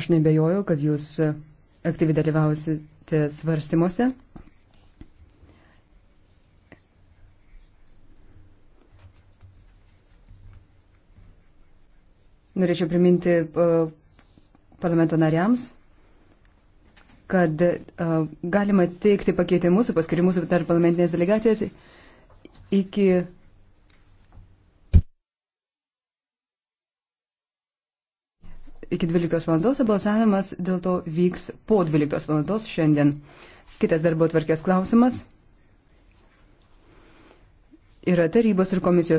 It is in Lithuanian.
Aš nebejoju, kad jūs e, aktyviai dalyvausite svarstymuose. Norėčiau priminti e, parlamento nariams, kad e, galima teikti pakeitimus, paskirimus tarp parlamentinės delegacijos iki iki 12 valandos, o balsavimas dėl to vyks po 12 valandos šiandien. Kitas darbo tvarkės klausimas yra tarybos ir komisijos.